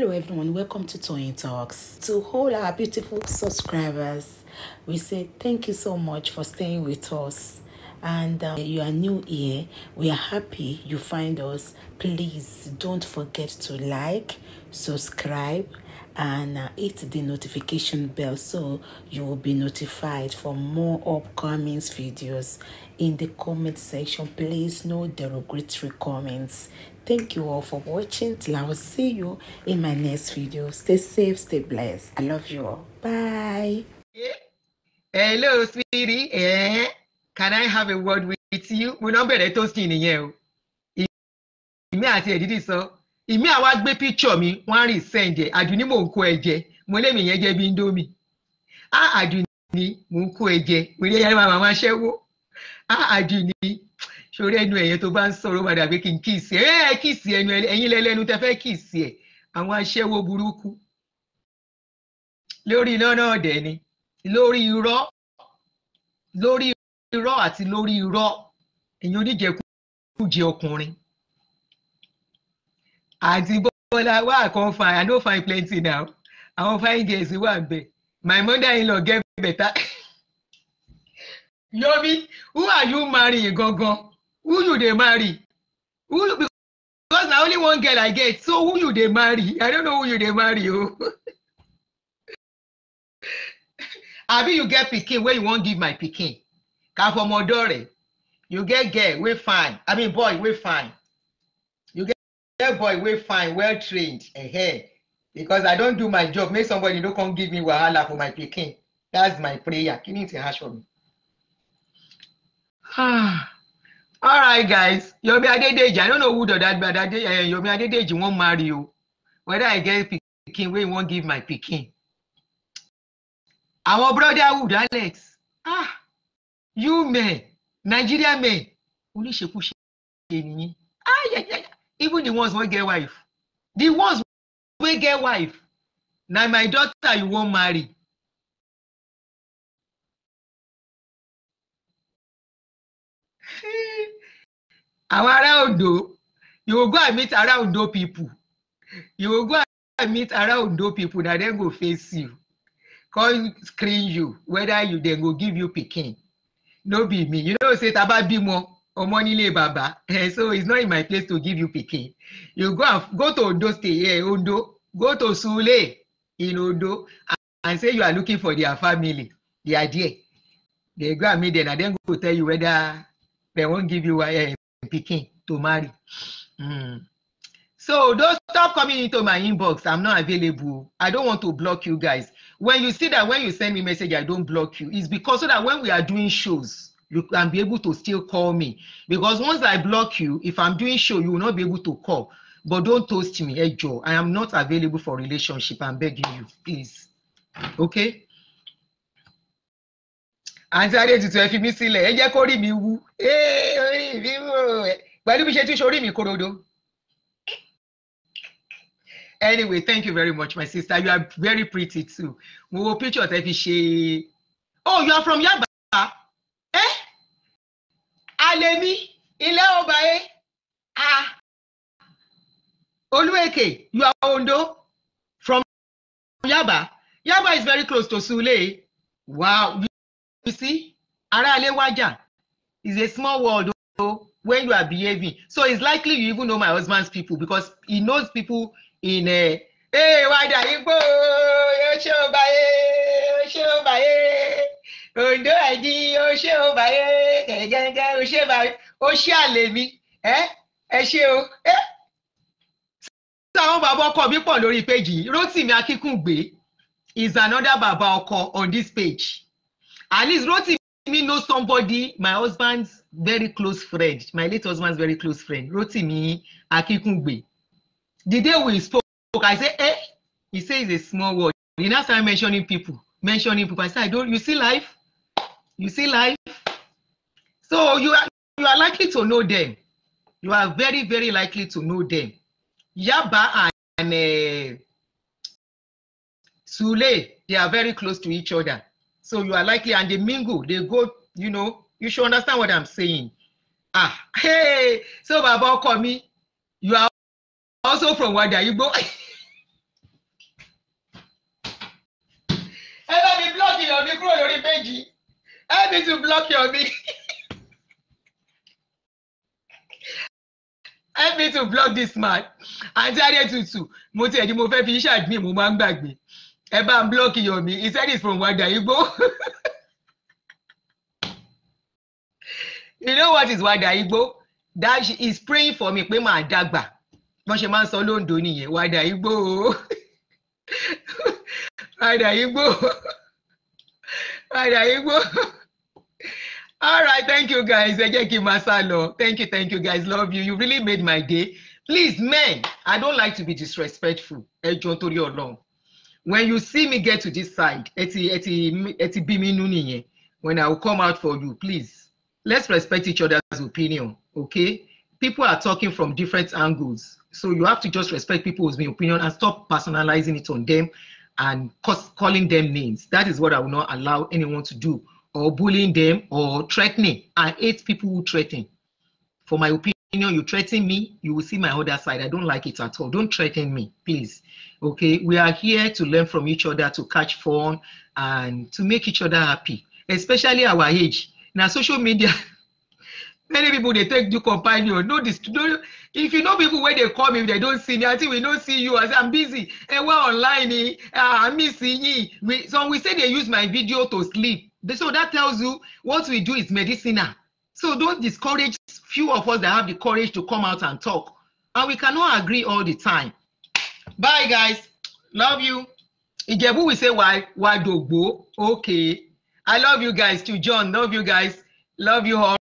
Hello everyone, welcome to Toyeen Talks. To all our beautiful subscribers, we say thank you so much for staying with us and uh, you are new here, we are happy you find us. Please don't forget to like, subscribe, and uh, hit the notification bell so you will be notified for more upcoming videos. In the comment section, please no derogatory comments. Thank you all for watching. Till I will see you in my next video. Stay safe, stay blessed. I love you all. Bye. Hello, sweetie. Eh? can I have a word with you mo náà bẹ̀rẹ̀ toasting nìyẹn o ìmí àti ẹ̀dídì sọ ìmí àwa gbé picture mi wọ́n á rìn send ẹ̀ àdùnní mò ń kó ẹ jẹ mo lémi yẹn jẹ́ bí ń dómi á àdùnní mò ń kó ẹ jẹ wèrè yàrá màmá máa ṣẹ́wó á àdùnní sórí ẹnu ẹ̀yẹ tó bá ń sọ̀rọ̀ padà pé kí n kíìsì ẹ̀ ẹ̀ kíìsì ẹnu ẹ̀yìn lẹ́lẹ́nu tẹ fẹ́ kíìsì ẹ̀ àwọn aṣẹ́wó burúkú lórí iná náà dẹ̀ ni lórí irọ́ lórí irọ́ àti lórí irọ́ èyàn oníjẹkújẹ ọkùnrin àti bọ́lá wà kan fine i no find plenty now àwọn fine girls wà ń bẹ my mother in law get better yomi who are you marry, gangan who you dey marry who because na only one girl i get so who you dey marry i don't know who you dey marry o. Oh. abi you get pikin wey you wan give my pikin ká fọmọ ọ̀dọ̀ rẹ̀ you get girl wey fine i mean boy wey fine you get, get boy wey fine well trained eh, eh. because i don do my job make somebody no come give me wahala for my pikin that's my prayer kí ni ti hash for all right guys Yomi Adedeji i no know who dada dada uh, Yomi Adedeji wan marry o whether i get pikin wey wan give my pikin àwọn brotherhood alex ah you may Nigeria may oníṣekúṣe ènìyàn ah, even the ones wey get wife the ones wey get wife na my daughter you wan marry àwọn ará Ondo you go go and meet ara Ondo pipo you go go and meet ara Ondo pipo na dem go face you come screen you whether you dem go give you pikin no be me you know say taba bimo money le, bàbá eh, so it's not in my place to give you picking. you go and go to ondo state here yeah, ondo go to sule in ondo and, say you are looking for their family The idea. they go and meet them and then go tell you whether they won't give you a eh, picking to marry. Mm. So don't stop coming into my inbox. I'm not available. I don't want to block you guys. When you see that when you send me message, I don't block you. It's because so that when we are doing shows, you can be able to still call me. Because once I block you, if I'm doing show, you will not be able to call. But don't toast me, hey Joe. I am not available for relationship. I'm begging you, please. Okay? Àǹtí sorry, ẹ fi mí sílẹ̀, ẹ jẹ́ kó rí mi wú. Pẹ̀lú bí ṣe tún ṣe orí mi korodo anyway thank you very much my sister you are very pretty too We will picture tẹ fi ṣe oh you are from Yaba eh alemi ilé ọba ẹ e. ah Olueke you are Ondo from Yaba Yaba is very close to Sule wow you see aráalé wájà is a small world Oh, when you are behaving so it's likely you even know my husband's people because he knows people ine ee wada igbo ose obaye ose obaye ondo àìdí ose obaye gẹgẹgẹ ose obaye ose àlè mi ẹ ẹ ṣe o ẹ sáwọn bàbá ọkọ mi pọ̀ lórí péjì Rotimi Akínkùngbé is another bàbá ọkọ on this page at least Rotimi know somebody my husband's very close friend my late husband's very close friend Rotimi Akínkùngbé The day we spoke, I said, eh? He says a small word. He now started mentioning people, mentioning people. I said, I don't, you see life? You see life? So you are, you are likely to know them. You are very, very likely to know them. Yaba and uh, Sule, they are very close to each other. So you are likely, and they mingle, they go, you know, you should understand what I'm saying. Ah, hey, so Baba call me. You are also from Wadaigbo. ẹ bá mi blọọkì yọ̀mí kúrò lórí péjì help me to block yọ̀mí. help me to block this man àǹtí adétutù mo tiẹ̀ di mo fẹ́ fi iṣẹ́ àdìmí mo máa ń gbàgbé ẹ bá ń block yọ̀mí he said it from Wadaigbo. you know what is Wadaigbo? that she is praying for me pé màá dàgbà. wọ́n ṣe máa ń sọ lóńdó nìyẹn wàdà igbó o wàdà igbó wàdà igbó all right thank you guys ẹ jẹ́ kí n máa sá lọ thank you thank you guys love you you really made my day please men i don't like to be disrespectful ẹ jọ̀ọ́ torí Ọlọ́run when you see me get to this side eti eti eti bí mi nú nìyẹn when i will come out for you please let's respect each other's opinion okay people are talking from different angles so you have to just respect people's opinion and stop personalizing it on them and calling them names. That is what I will not allow anyone to do, or bullying them or threatening. I hate people who threaten. For my opinion, you threaten me, you will see my other side. I don't like it at all. Don't threaten me, please. Okay, we are here to learn from each other, to catch fun, and to make each other happy, especially our age. Now, social media. many people they take do companion no this, no if you know people when they call me they don't see me i think we not see you i say i'm busy And eh, online are online. i si yin we we say they use my video to sleep so that tells you what we do is medicinal so don't discourage few of us that have the courage to come out and talk and we cannot agree all the time bye guys love you ijebu we say why why go? okay i love you guys too john love you guys love you all.